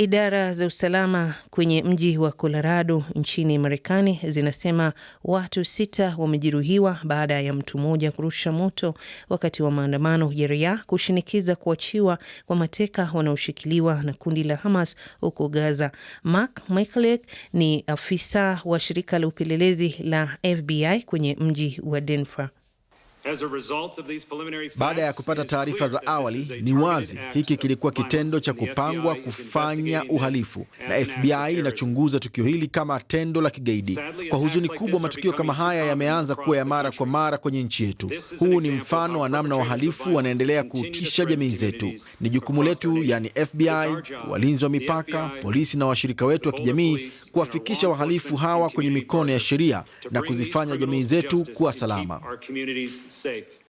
Idara za usalama kwenye mji wa Colorado nchini Marekani zinasema watu sita wamejeruhiwa baada ya mtu mmoja kurusha moto wakati wa maandamano ya raia kushinikiza kuachiwa kwa mateka wanaoshikiliwa na kundi la Hamas huko Gaza. Mark Michalek ni afisa wa shirika la upelelezi la FBI kwenye mji wa Denver. Baada ya kupata taarifa za awali, ni wazi hiki kilikuwa kitendo cha kupangwa kufanya uhalifu, na FBI inachunguza tukio hili kama tendo la kigaidi. Kwa huzuni kubwa, matukio kama haya yameanza kuwa ya mara kwa mara kwenye nchi yetu. Huu ni mfano wa namna wahalifu wanaendelea kuutisha jamii zetu. Ni jukumu letu, yani FBI, walinzi wa mipaka, polisi na washirika wetu wa kijamii, kuwafikisha wahalifu hawa kwenye mikono ya sheria na kuzifanya jamii zetu kuwa salama. safe.